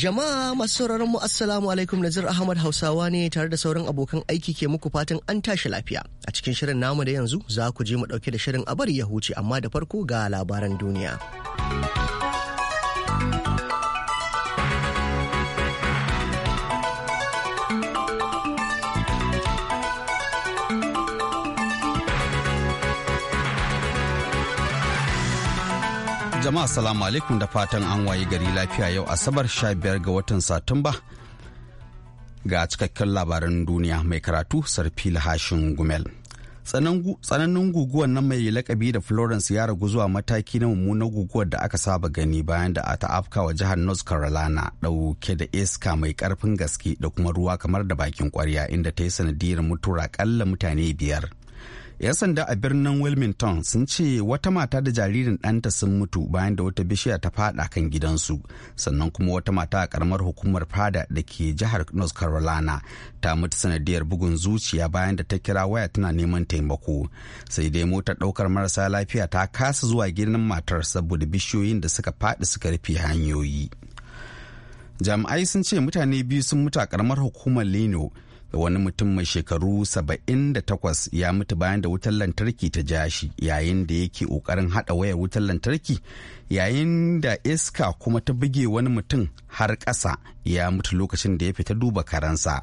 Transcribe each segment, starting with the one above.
Jama'a masu sauraron mu assalamu alaikum Nazir Ahmad Hausawa ne tare da sauran abokan aiki ke muku fatan an tashi lafiya. A cikin shirin namu da yanzu za ku je mu dauke da shirin a bari ya huce amma da farko ga labaran duniya. Jama'a salamu alaikum da fatan an waye gari lafiya yau Asabar 15 ga watan Satumba. Ga cikakken labaran duniya mai karatu sarfi lahashin Gumel. Tsananin guguwar nan mai lakabi da Florence ya ragu zuwa mataki na mummunar guguwar da aka saba gani bayan da ta afka wa jihar North Carolina dauke da iska mai karfin gaske da kuma ruwa kamar da bakin kwarya inda ta yi sanadiyar mutuwa kalla mutane biyar. 'Yan sanda a birnin Wilmington sun ce wata mata da jaririn ɗanta sun mutu bayan da wata bishiya ta fada kan gidansu. Sannan kuma wata mata a karamar hukumar fada da ke jihar North Carolina ta mutu sanadiyar bugun zuciya bayan da ta kira waya tana neman taimako. Sai dai motar ɗaukar marasa lafiya ta kasa zuwa gidan matar saboda bishiyoyin da suka faɗi suka rufe hanyoyi. Jami'ai sun ce mutane biyu sun mutu a karamar hukumar Leno wani mutum mai shekaru 78 ya mutu bayan da wutar lantarki ta ja shi yayin da yake ƙoƙarin haɗa waya wutar lantarki yayin da iska kuma ta buge wani mutum har ƙasa ya mutu lokacin da ya fita duba karansa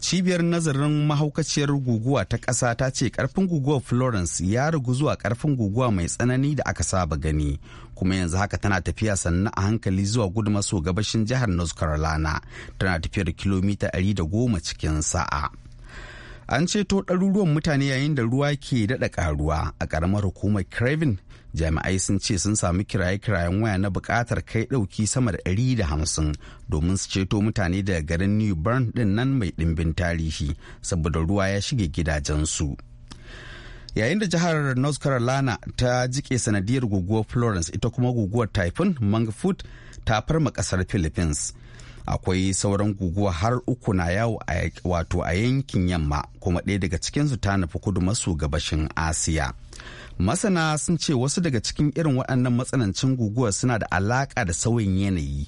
cibiyar nazarin mahaukaciyar guguwa ta ƙasa ta ce ƙarfin guguwar florence ya rugu zuwa ƙarfin guguwa mai tsanani da aka saba gani kuma yanzu haka tana tafiya sannan a hankali zuwa gudu maso gabashin jihar north carolina tana tafiyar kilomita 110 cikin sa'a an ceto ɗaruruwan mutane yayin da ruwa ke daɗa ƙaruwa a ƙaramar hukumar craven jami'ai sun ce sun samu kiraye-kirayen waya na buƙatar kai ɗauki sama da ɗari da hamsin domin su ceto mutane daga garin new bern ɗin nan mai ɗimbin tarihi saboda ruwa ya shige gidajensu. su yayin da jihar north carolina ta jike sanadiyar guguwar florence ita kuma guguwar typhoon mangfoot ta farma kasar philippines akwai sauran guguwa har uku na yawo wato a yankin yamma kuma ɗaya daga cikinsu ta nufi kudu maso gabashin asiya masana sun ce wasu daga cikin irin waɗannan matsanancin guguwa suna da alaƙa da sauyin yanayi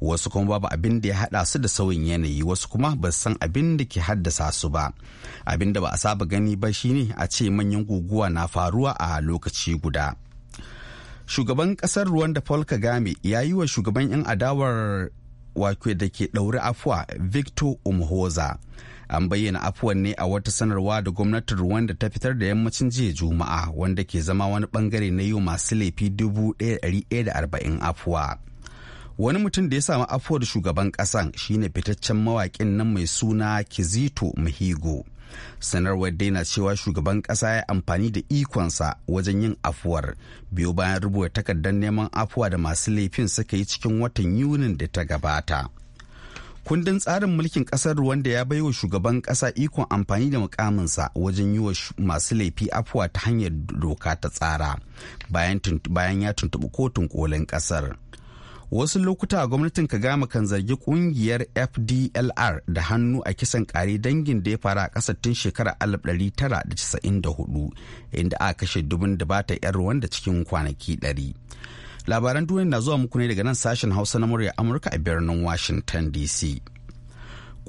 wasu kuma babu abin da ya hada su da sauyin yanayi wasu kuma ba san abin da ke haddasa su ba abin da ba a saba gani ba shine a ce manyan guguwa na faruwa a lokaci guda shugaban kasar da paul kagame ya yi wa shugaban 'yan adawar wake da ke ɗauri afuwa victor umhoza an bayyana afuwan ne a wata sanarwa da gwamnatin ruwan da ta fitar da yammacin jiya juma'a wanda ke zama wani bangare na yau masu laifi 1,140 afuwa wani mutum da ya samu afuwar shugaban kasan shine fitaccen mawaƙin nan mai suna kizito muhigo sanarwar daina cewa shugaban kasa ya amfani da ikonsa wajen yin afuwar biyu bayan rubuta takardar neman afuwa da masu laifin suka yi cikin watan yunin da ta gabata kundin tsarin mulkin kasar wanda ya baiwa shugaban kasa ikon amfani da mukaminsa wajen yi wa masu laifi afuwa ta hanyar doka ta tsara bayan ya tuntuɓi kotun kolin kasar wasu lokuta gwamnatin gama kan zargi kungiyar fdlr da hannu a kisan kare dangin da ya fara a kasar tun shekarar 1994 inda a kashe dubin da bata yar ruwan da cikin kwanaki 100 labaran duniya na zuwa muku ne daga nan sashen hausa na murya amurka a birnin washington dc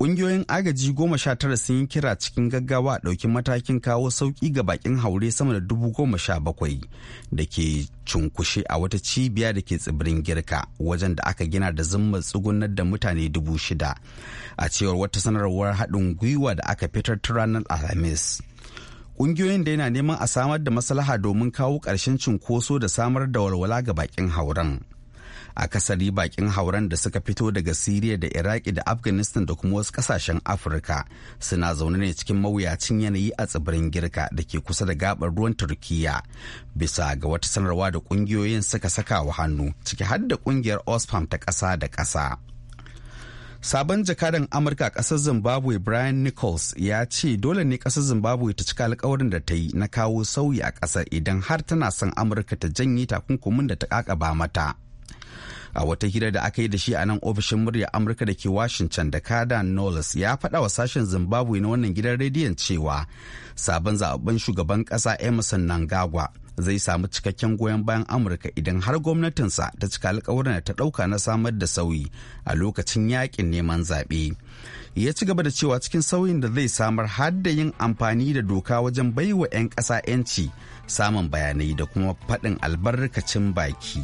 Ƙungiyoyin agaji goma sha tara sun yi kira cikin gaggawa a ɗaukin matakin kawo sauƙi ga bakin haure sama da dubu goma sha bakwai da ke cunkushe a wata cibiya da ke tsibirin girka wajen da aka gina da zimmar tsugunar da mutane dubu shida a cewar wata sanarwar haɗin gwiwa da aka fitar ta ranar alhamis ƙungiyoyin da yana neman a samar da maslaha domin kawo ƙarshen cunkoso da samar da walwala ga bakin hauren. a kasari bakin hauran da suka fito daga siriya da iraki da afghanistan da kuma wasu kasashen afirka suna zaune ne cikin mawuyacin yanayi a tsibirin girka da ke kusa da gabar ruwan turkiya bisa ga wata sanarwa da kungiyoyin suka saka wa hannu ciki har da kungiyar osfam ta kasa da kasa sabon jakadan amurka kasar zimbabwe brian nichols ya ce dole ne kasar zimbabwe ta cika alkawarin da ta yi na kawo sauyi a kasar idan har tana son amurka ta janye takunkumin da ta kakaba mata a wata hira da aka yi da shi a nan ofishin murya amurka da ke washington da kada knowles ya faɗa wa sashen zimbabwe na wannan gidan rediyon cewa sabon zaɓen shugaban ƙasa emerson nangagwa zai samu cikakken goyon bayan amurka idan har gwamnatinsa ta cika alkawarin ta ɗauka na samar da sauyi a lokacin yakin neman zaɓe ya ci gaba da cewa cikin sauyin da zai samar har da yin amfani da doka wajen baiwa 'yan ƙasa 'yanci samun bayanai da kuma faɗin albarkacin baki.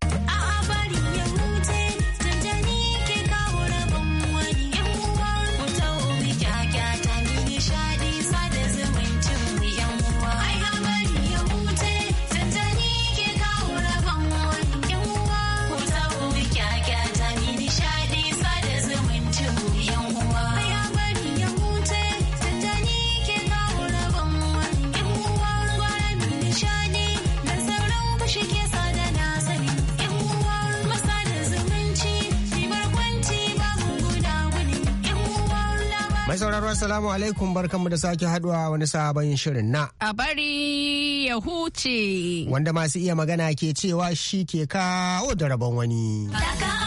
Assalamu alaikum barkanmu da sake haduwa wani sabon shirin na. A bari ya huce. Wanda masu iya magana ke cewa shi ke kawo da rabon wani. Daka.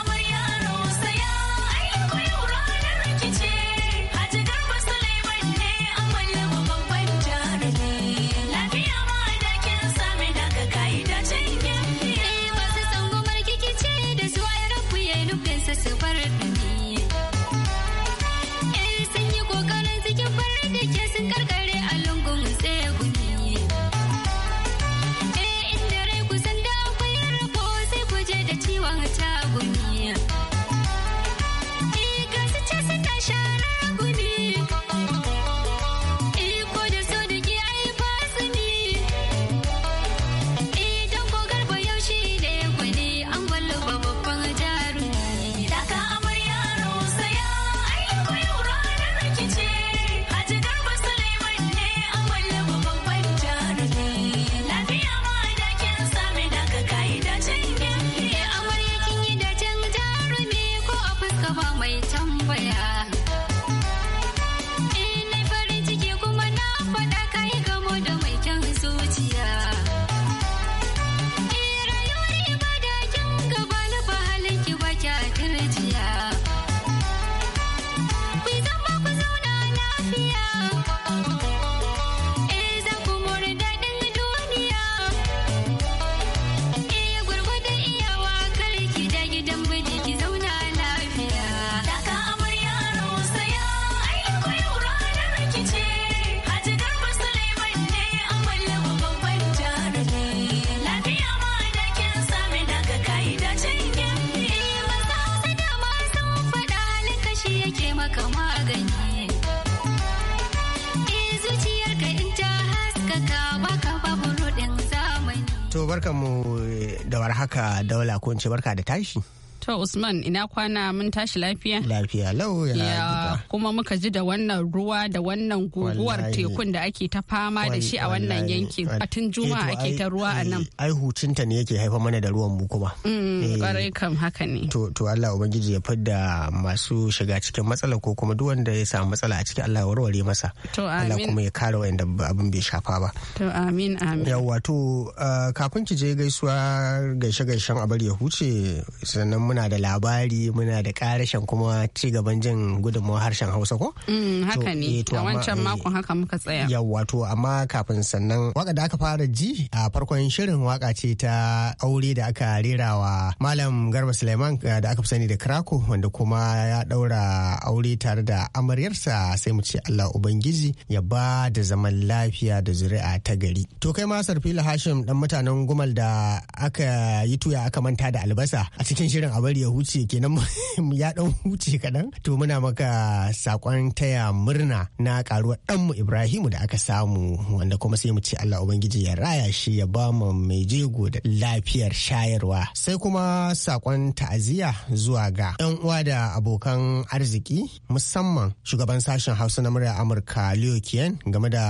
in barka da tashi To Usman ina kwana mun tashi lafiya? Lafiya lau ya, ya kuma muka ji da wannan ruwa da wannan guguwar tekun da ake ta fama da shi a wannan yankin. A tun eh, juma'a ake ta ruwa a nan. Eh, ai hucinta ne yake haifa mana da ruwan mu kuma. Kwarai mm, eh. kam haka ne. To Allah ubangiji ya fidda masu shiga cikin matsala ko kuma duk wanda ya samu matsala a ciki Allah ya warware masa. To amin. Allah kuma ya kare wanda abin bai shafa ba. To amin amin. Yawwa to kafin ki je gaisuwa gaishe-gaishen abar ya huce sannan muna da labari muna da karashen kuma ci gaban jin gudunmawar harshen hausa ko? Mm, haka ne eh, a wancan eh, makon haka muka tsaya yawwa to amma kafin sannan waka da aka fara ji a farkon shirin waka ce ta aure da aka rera wa malam garba suleiman eh, da aka fi sani da krako wanda kuma ya daura aure tare da amaryarsa sai mu ce allah ubangiji ya ba da zaman lafiya da zuri'a ta gari to kai ma sarfila hashim dan mutanen gumal da aka yi tuya aka manta da albasa a cikin shirin abu bari ya huce kenan ya dan huce kaɗan to muna maka sakon taya murna na karuwar ɗanmu ibrahimu da aka samu wanda kuma sai mu ce allah ubangiji ya raya shi ya ba mu mai jego da lafiyar shayarwa sai kuma sakon ta'aziyya zuwa ga yan uwa da abokan arziki musamman shugaban sashen hausa na murya amurka leo kien game da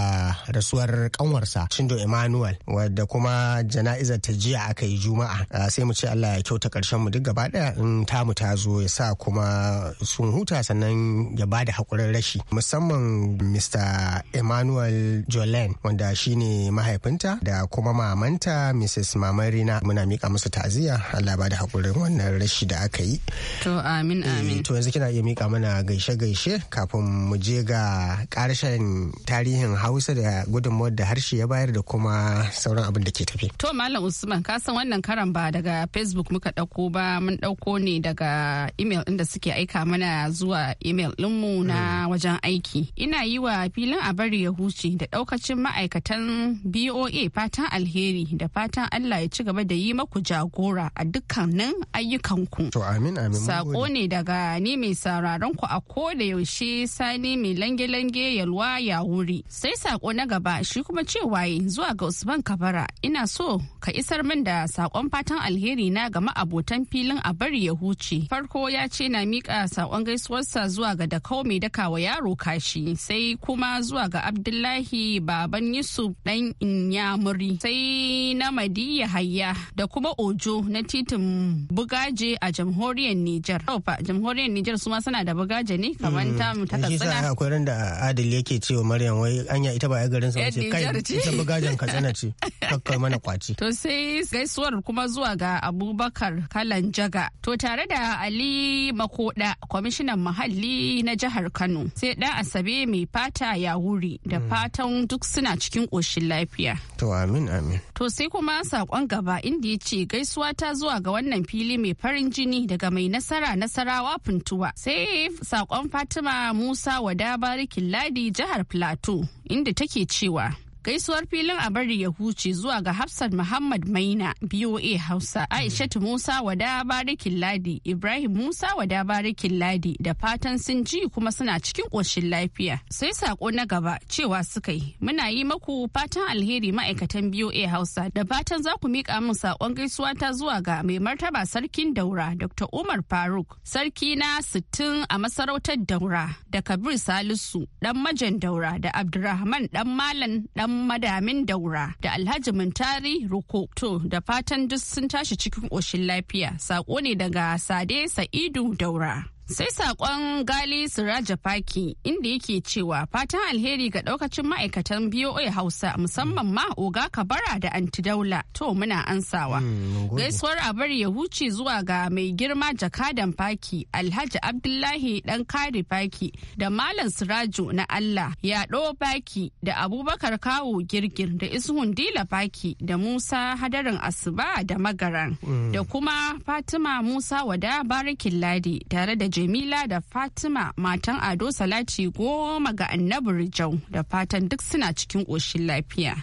rasuwar kanwarsa shindo emmanuel wadda kuma jana'izar ta jiya aka yi juma'a ah, sai mu ce allah ya kyauta karshen mu duk gaba magana in tamu ta zo ya sa kuma sun huta sannan ya ba da haƙurin rashi musamman mr emmanuel jolen wanda shine mahaifinta da kuma mamanta mrs mamarina muna mika musu ta'aziyya allah ba da haƙurin wannan rashi da aka yi to amin eh, amin to yanzu kina iya mika mana gaishe gaishe kafin mu je ga ƙarshen tarihin hausa da gudunmawar da harshe ya bayar da kuma sauran abin da ke tafi to malam usman ka san wannan karan ba daga facebook muka ɗauko ba mun ɗauko ɗauko ne daga email ɗin da suke aika mana zuwa email ɗinmu na hmm. wajen aiki. Ina yi wa filin a bari ya huce da ɗaukacin ma'aikatan BOA fatan alheri da fatan Allah ya ci gaba da yi maku jagora a dukkanin ayyukanku. To amin amin. Sako ne daga ni mai sauraron ku a ko da yaushe sani mai lange-lange yalwa ya wuri. Sai sako na gaba shi kuma cewa zuwa ga Usman Kabara ina so ka isar min da sakon fatan alheri na ga ma'abotan filin a bari ya huce farko ya ce na miƙa saƙon gaisuwarsa zuwa ga dakau mai daka wa yaro kashi sai kuma zuwa ga abdullahi baban yusuf dan inyamuri sai na madiya hayya da kuma ojo na titin bugaje a jamhuriyar nijar jamhuriyar nijar su ma suna da bugaje ne kamar mm. ta mu ta katsina akwai ran da adil yake cewa maryam wai anya ita ba ya garin sa ce kai ita bugajen katsina ce mana kwaci to sai gaisuwar kuma zuwa ga abubakar kalan jaga To tare da Ali Makoda, kwamishinan muhalli na jihar Kano, sai ɗan Asabe mai fata ya wuri da hmm. fatan duk suna cikin ƙoshin lafiya. To amin amin. To sai kuma saƙon gaba inda ya ce gaisuwa ta zuwa ga wannan fili mai farin jini daga mai nasara nasarawa funtuwa. Sai saƙon Fatima Musa Wada Barikin Ladi jihar Plateau inda take cewa Gaisuwar filin a bari ya huce zuwa ga Hafsat Muhammad Maina, BOA Hausa, Aishatu Musa wada barikin ladi, Ibrahim Musa wada barikin ladi da fatan sun ji kuma suna cikin ƙoshin lafiya. Sai sako na gaba cewa suka yi, muna yi maku fatan alheri ma'aikatan BOA Hausa da fatan za ku miƙa min sakon gaisuwa ta zuwa ga mai martaba sarkin daura Dr. Umar Faruk, sarki na sittin a masarautar daura da Kabir Salisu, dan majan daura da Abdurrahman ɗan Malam ɗan madamin daura da alhaji mintari rukoto da fatan duk sun tashi cikin ƙoshin lafiya sako ne daga sade sa'idu daura Sai saƙon Gali Siraja Faki inda yake cewa fatan alheri ga ɗaukacin ma'aikatan BOA Hausa musamman ma Oga Kabara da Antidaula to muna ansawa. Hmm, Gaisuwar a bari ya huce zuwa ga mai girma jakadan Faki Alhaji Abdullahi ɗan Kari Faki da Malam Siraju na Allah Yaɗo Faki da Abubakar Kawo Girgir da Ishun Dila Faki da Musa Hadarin Asuba da Magaran hmm. da kuma Fatima Musa Wada Barikin Ladi tare da Jamila da Fatima matan Ado Salati goma ga annabi Rijau da fatan duk suna cikin ƙoshin lafiya.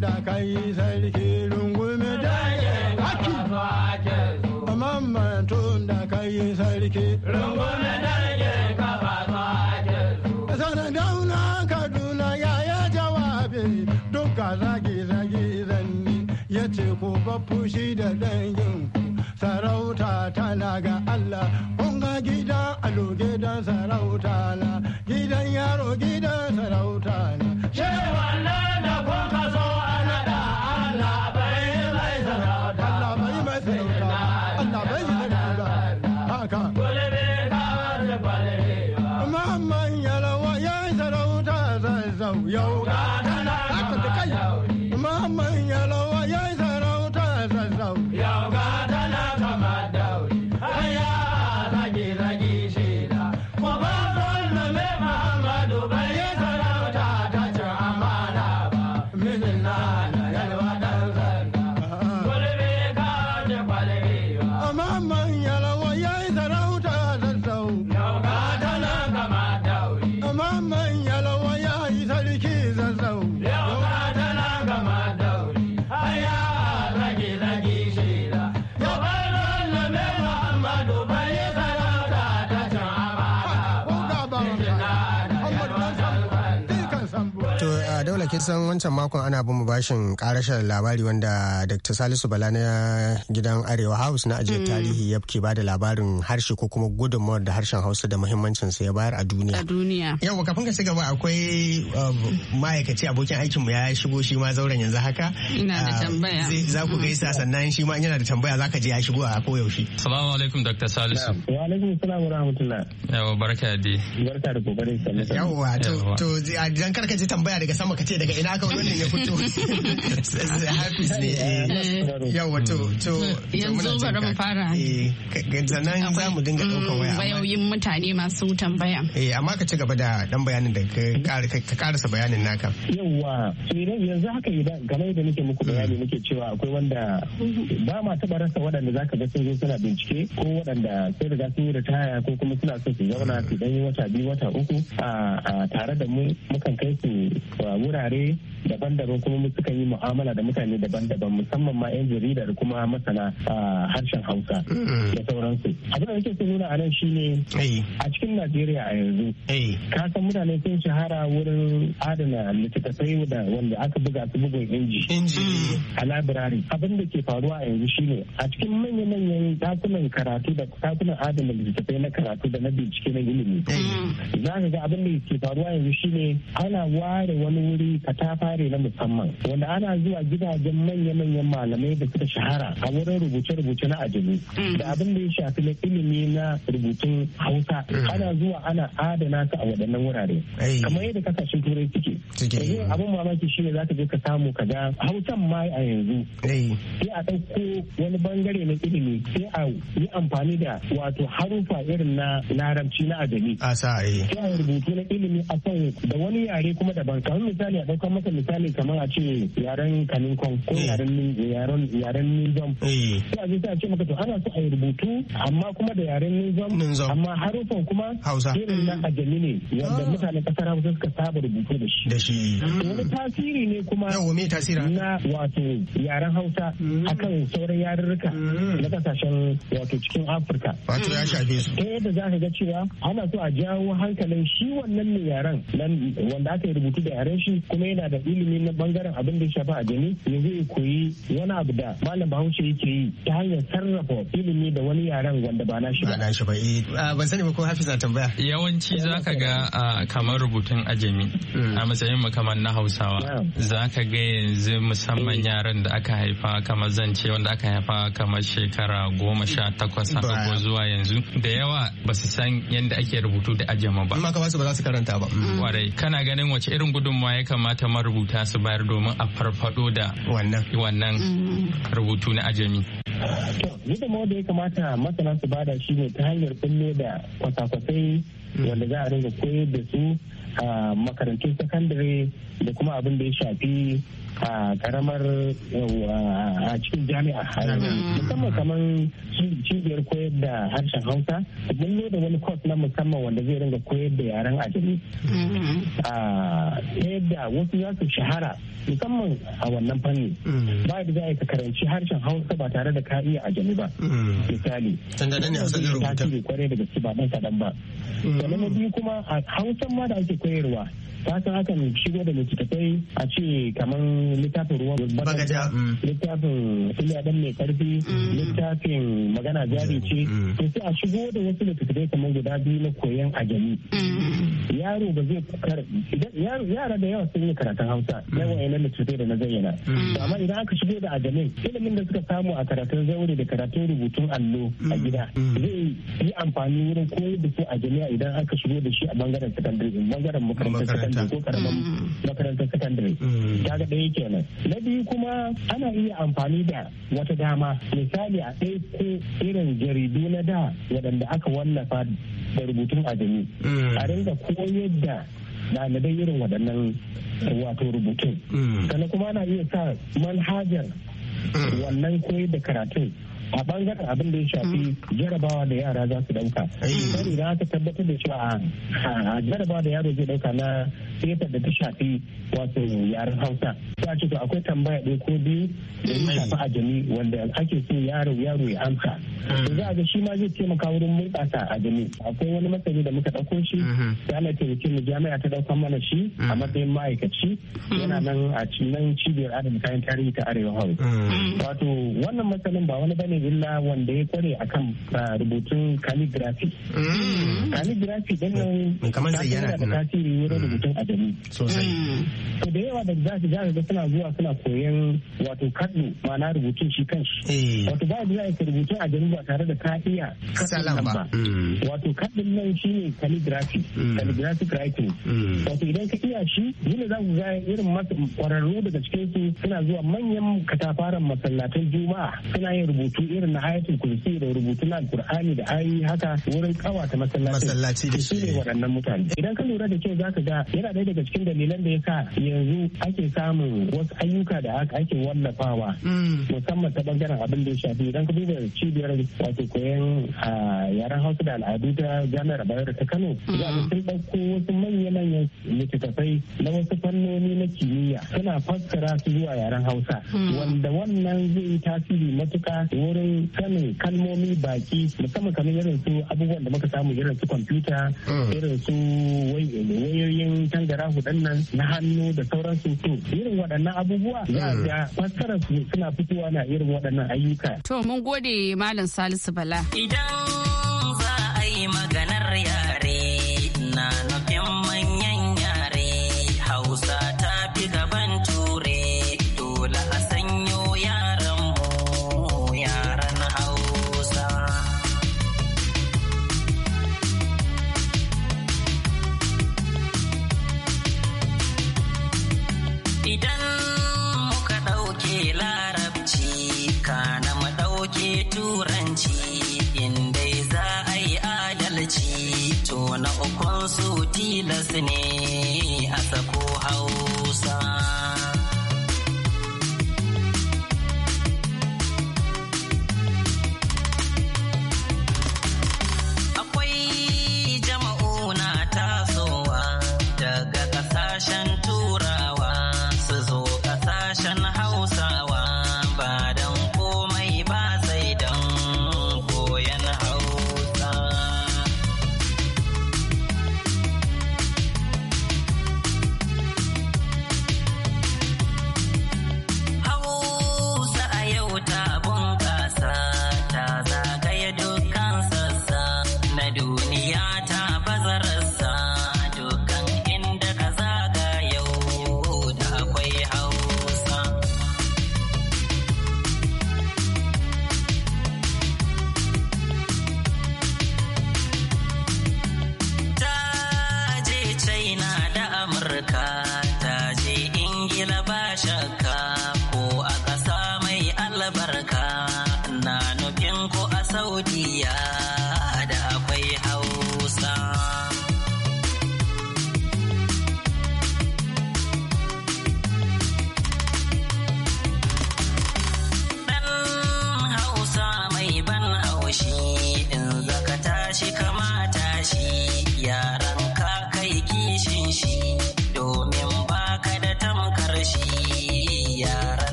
da kai sarki dai yi sarki. Rungume dangin kafa su ake su. Sana Kaduna ya ya jawabi duka zagi zagi zanni ya ce ba fushi da dangin sarauta tana ga Allah. Kun ga gidan alo gidan sarauta na gidan yaro gidan sarauta na. Shewa na kun kaso a naɗa Allah yoga. kusan wancan makon ana bin bashin karashar labari wanda Dr. Salisu Bala na gidan Arewa House na ajiyar mm. tarihi ya ke bada labarin harshe ko kuma gudunmawar da harshen Hausa da muhimmancin sa ya bayar a duniya. A duniya. Yau kafin ka ci gaba akwai um, ma'aikaci abokin aikin mu ya shigo shi ma zauren yanzu haka. Ina da ah, tambaya. Za ku gaisa mm. sannan shi ma yana da tambaya za ka je ya shigo a koyaushe. Salamu alaikum Dr. Salisu. Wa alaikum salam wa rahmatullah. Yawa barka da. Barka da kokarin sannan. Yawa to to dan karka ji tambaya daga sama ka ce daga ina ka wannan ya fito hafiz ne eh. eh. yawa to to yanzu bari mu fara eh, sannan za mu dinga mm, ɗaukar waya Bayoyin mutane masu tambaya eh amma ka ci gaba da dan bayanin da ka karasa bayanin naka yawa yanzu haka idan game da nake muku mm. bayani nake cewa akwai wanda ba ma taba rasa waɗanda zaka ga sun zo suna bincike ko waɗanda sai riga sun yi ritaya ko kuma suna so su zauna su dan mm. yi wata biyu wata uku a tare da mu mukan kai su wurare daban-daban kuma suka yi mu'amala da mutane daban-daban musamman ma 'yan jarida da kuma masana a harshen hausa mm. da sauransu abin da nake so nuna a nan shine a cikin najeriya a yanzu ka san mutane sun shahara wurin adana littattafai da wanda aka buga su bugun inji a labirari abin da ke faruwa a yanzu shine a cikin manya-manyan dakunan karatu da dakunan adana littattafai na karatu da na bincike na ilimi za ka ga abin da ke faruwa yanzu shine ana ware wani wuri fare na musamman wanda ana zuwa gidajen manya-manyan malamai da suka shahara a wurin rubuce-rubuce na ajalu da abin da ya shafi na ilimi na rubutun hausa ana zuwa ana adana ka a waɗannan wurare kamar yadda kasashen turai suke yanzu abin mamaki shi ne za ka je ka samu ka ga hausan ma a yanzu sai a ɗauko wani bangare na ilimi sai a yi amfani da wato harufa irin na larabci na ajalu a sa sai a rubutu na ilimi a kan da wani yare kuma daban kamar misali a ɗaukan masa misali kamar a ce yaren kaninkon ko eh. yaren Nizam. yaren eh. nizam sai a je sai a ce maka to ana so a yi rubutu amma kuma da yaren nizam amma harufan kuma hausa irin na mm. ajami ne wanda ah. mutane kasar hausa suka saba rubutu da shi da shi wani tasiri ne kuma na wato yaren hausa mm. akan sauran yarurruka mm. na kasashen wato cikin afirka wato ya shafe su ta yadda za ka ga cewa ana so a jawo hankalin shi wannan ne yaren wanda aka yi rubutu da yaren shi kuma yana da ilimi na bangaren abin da ya shafi yanzu ya koyi wani abu da malam bahaushe yake yi ta hanyar sarrafa ilimi da wani yaren wanda ba na shi ba. Na ba eh. ban sani ba ko hafiza tambaya. Yawanci za ka ga kamar rubutun ajami a matsayin kamar na Hausawa za ka ga yanzu musamman yaran da aka haifa kamar zance wanda aka haifa kamar shekara goma sha takwas haka zuwa yanzu da yawa ba su san yadda ake rubutu da ajama ba. Amma ka ba su ba za su karanta ba. Mm. Kwarai kana ganin wace irin gudunmawa ya kamata Ta marubuta su bayar domin a farfado da wannan mm-hmm. rubutu na ajami. gudunmawar da ya kamata masana su bada shi ne ta hanyar kulle da kwasa-kwasai mm. wanda za a rinka koyar da su A makarantun sakandare da kuma abin da ya shafi a karamar a cikin jami'a musamman kamar cibiyar koyar da harshen hausa mun da wani kwas na musamman wanda zai ringa koyar da yaren ajami mm-hmm. ta yadda wasu za su shahara musamman a wannan fanni mm. ba da za ka karanci harshen hausa ba tare da ka iya ajami ba mm. misali tangane ne a sanar rubuta ba dan kadan ba mm. sannan biyu kuma a hausan ma da ake koyarwa kasan aka shigo da littattafai a ce kamar littafin ruwan bagaja mm. littafin filiya dan mai karfi mm. littafin magana jari mm. ce to sai a shigo da wasu littattafai kamar guda biyu na koyon ajami yaro ba zai yara da yawa sun yi karatun hausa yawan yana littattafai da na zayyana amma idan aka shigo da ajami ilimin da suka samu a karatun zaure da karatun rubutun allo a gida zai yi amfani wurin koyar da su a idan aka shigo da shi a bangaren sakandare bangaren makarantar makaranta ko mm. makarantar secondary mm. kaga ɗaya kenan na biyu kuma ana iya amfani da wata dama misali a ɗauko irin jaridu na da waɗanda aka wallafa da rubutun ajami mm. a ringa koyar da ɗalibai irin waɗannan wato rubutun sannan kuma ana iya sa manhajar wannan koyar da karatun a bangaren abin da ya shafi jarabawa da yara za su dauka eh. sai da aka tabbatar da cewa a jarabawa da yaro zai dauka na fetar da ta shafi wato yaren hausa za a to akwai tambaya ɗaya ko biyu da ya shafi mm. ajami wanda ake so yaro yaro ya amsa mm. za a ga shi ma zai taimaka wurin a ajami akwai wani masani da muka ɗauko shi mm-hmm. da ana taimake mu jami'a ta ɗauka mana shi a mm. matsayin ma'aikaci yana nan a cibiyar adam kayan tarihi ta arewa hau wato wannan masanin ba wani bane illa wanda ya kware kan ah, rubutun calligraphy mm. calligraphy din nan kamar zayyana da wurin mm. rubutun adami. sosai mm. da yawa da za su ga suna zuwa suna koyan wato kaddu ma'ana rubutun shi kanshi eh. wato ba da za ka rubutu adabi ba tare da ka iya kasalan ba wato kaddin nan shi ne calligraphy calligraphic writing wato idan ka iya shi yin za ku ga irin kwararru daga cikin su suna zuwa manyan katafaren masallatan juma'a suna yin rubutu irin na hayatul kursi da rubutu na alkur'ani da ayi haka wurin kawata masallaci masallaci da su ne waɗannan mutane idan ka lura da kyau za ka ga yana ɗaya daga cikin dalilan da ya sa yanzu ake samun wasu ayyuka da ake wallafawa mm. musamman ta bangaren abin da ya shafi idan ka duba cibiyar wato koyon yaren hausa da al'adu ta jami'ar bayero ta kano za mm. sun ɗauko wasu manya-manyan littattafai na wasu fannoni na kimiyya suna fassara su zuwa yaren hausa mm. wanda wannan zai yi tasiri matuka wurin wurin sanin kalmomi baki musamman kamar irin su abubuwan da muka samu irin su kwamfuta mm. irin su wayoyin tangara nan na hannu da sauransu to irin waɗannan abubuwa za a mm. ga fassarar suna fitowa na irin waɗannan ayyuka. To mun gode Malam Salisu Bala. Idan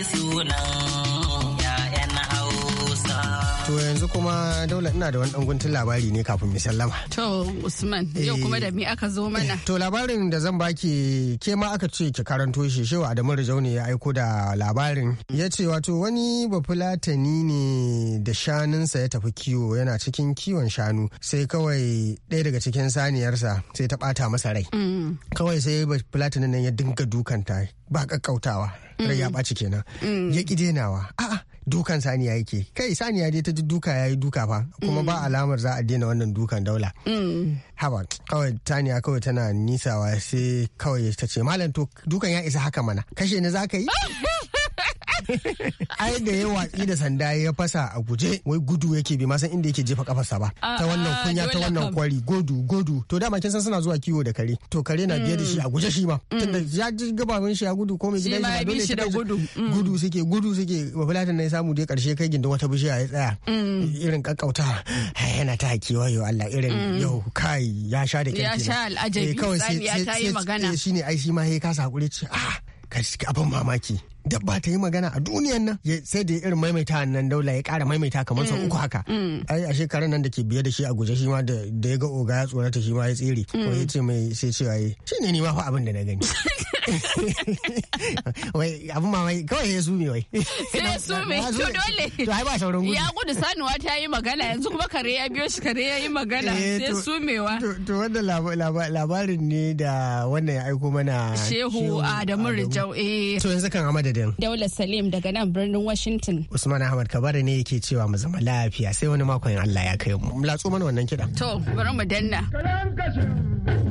sunan kuma daula ina da wani guntun labari ne kafin mu sallama. To Usman yau kuma da mi aka zo mana. To labarin da zan baki ke ma aka ce ki karanto shi shewa Adamu Rijau ne ya aiko da labarin. Ya ce wato wani bafulatani ne da shanunsa ya tafi kiwo yana cikin kiwon shanu sai kawai ɗaya daga cikin saniyarsa sai ta ɓata masa rai. Mm. Kawai sai bafulatanin nan ya dinga dukanta ba ƙaƙƙautawa. Rai ya mm. ɓaci kenan. Mm. Ya ƙi denawa. A'a dukan saniya yake kai saniya dai ta duka yayi duka fa kuma ba mm. alamar za a daina wannan dukan daula mm. haba kawai saniya kawai tana nisawa sai kawai ta ce malam to dukan ya isa haka mana kashe ne za ka yi ai da ya watsi da sanda ya fasa a guje wai gudu yake bi san inda yake jefa kafarsa ba ta ah, ah, wannan kunya ta wannan kwari godu godu to dama kin san suna zuwa kiwo da kare to kare na biye da shi a guje shi ma mm. tunda ya ji gababan shi a gudu ko mai gidan shi dole shi da gudu mm. gudu suke gudu suke bafulatan na ya samu dai karshe kai gindin wata bishiya ya tsaya mm. irin kakkauta yana ta hakewa yo Allah irin yau kai ya sha da kirki ya sha al'ajabi eh, kawai sai sai eh, shine ai shi ma ya kasa hakuri ce ah gaske abin mamaki dabba ta yi magana a duniyan nan sai da irin maimaita nan daula ya kara maimaita kamar sau mm. uku haka mm. ai a shekarar nan da ke biye da shi a guje shi ma da ya ga oga ya tsorata shi ma ya tsere ko mm. ya ce mai sai cewa yi shi ne ni ma fa abin da na gani wai abin ma wai kawai ya sume wai sai ya sume to dole to ai ba sauran gudu ya gudu sanuwa ta yi magana yanzu kuma kare ya biyo shi kare ya yi magana eh, sai sumewa to wanda labarin ne da wannan ya aiko mana shehu adamu rijau eh to yanzu kan amada madadin. Daula Salim daga nan birnin Washington. Usman Ahmad Kabari ne yake cewa mu zama lafiya sai wani makon Allah ya kai mu. Mu latso mana wannan kiɗan. To, bari mu danna.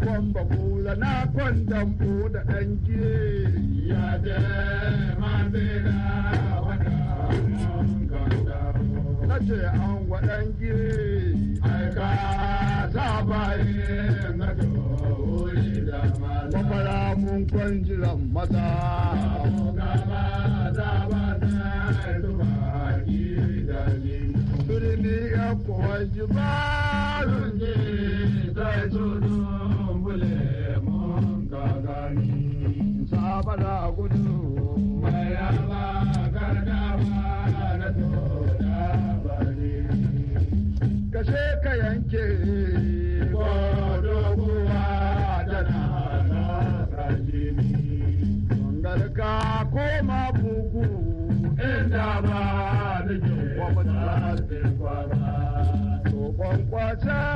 na kwamba bula na kwandan da ɗan ya je mazina wata mun na ce an waɗan gire aika sabaye na dori da maza kwakwara mun kwanjiran maza What's up.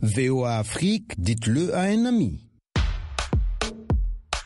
VOA Afrique, dites-le à un ami.